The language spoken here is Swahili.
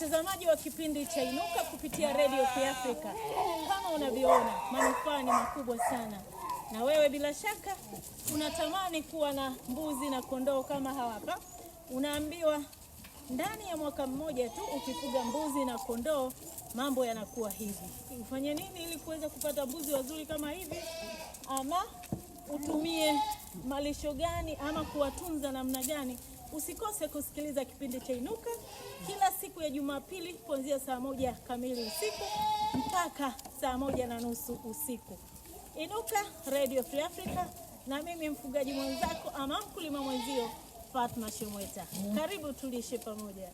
Watazamaji wa kipindi cha Inuka kupitia Radio kiafrika Africa, kama unavyoona manufaa ni makubwa sana, na wewe bila shaka unatamani kuwa na mbuzi na kondoo kama hawa hapa. Unaambiwa ndani ya mwaka mmoja tu ukifuga mbuzi na kondoo mambo yanakuwa hivi. Ufanye nini ili kuweza kupata mbuzi wazuri kama hivi, ama utumie malisho gani, ama kuwatunza namna gani? Usikose kusikiliza kipindi cha Inuka kila siku siku ya Jumapili kuanzia saa moja kamili usiku mpaka saa moja na nusu usiku. Inuka Radio Free Africa na mimi mfugaji mwenzako ama mkulima mwenzio Fatma Shemweta. Karibu tulishe pamoja.